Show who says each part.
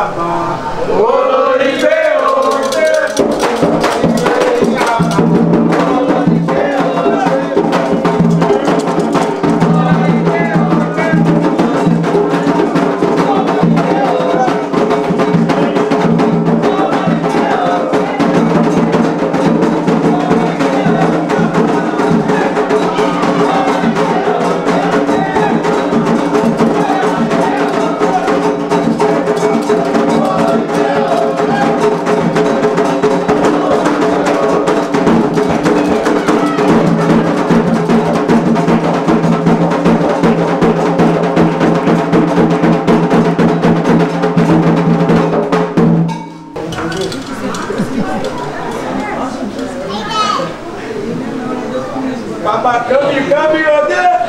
Speaker 1: Baba.
Speaker 2: Macambi, caminhoneiro!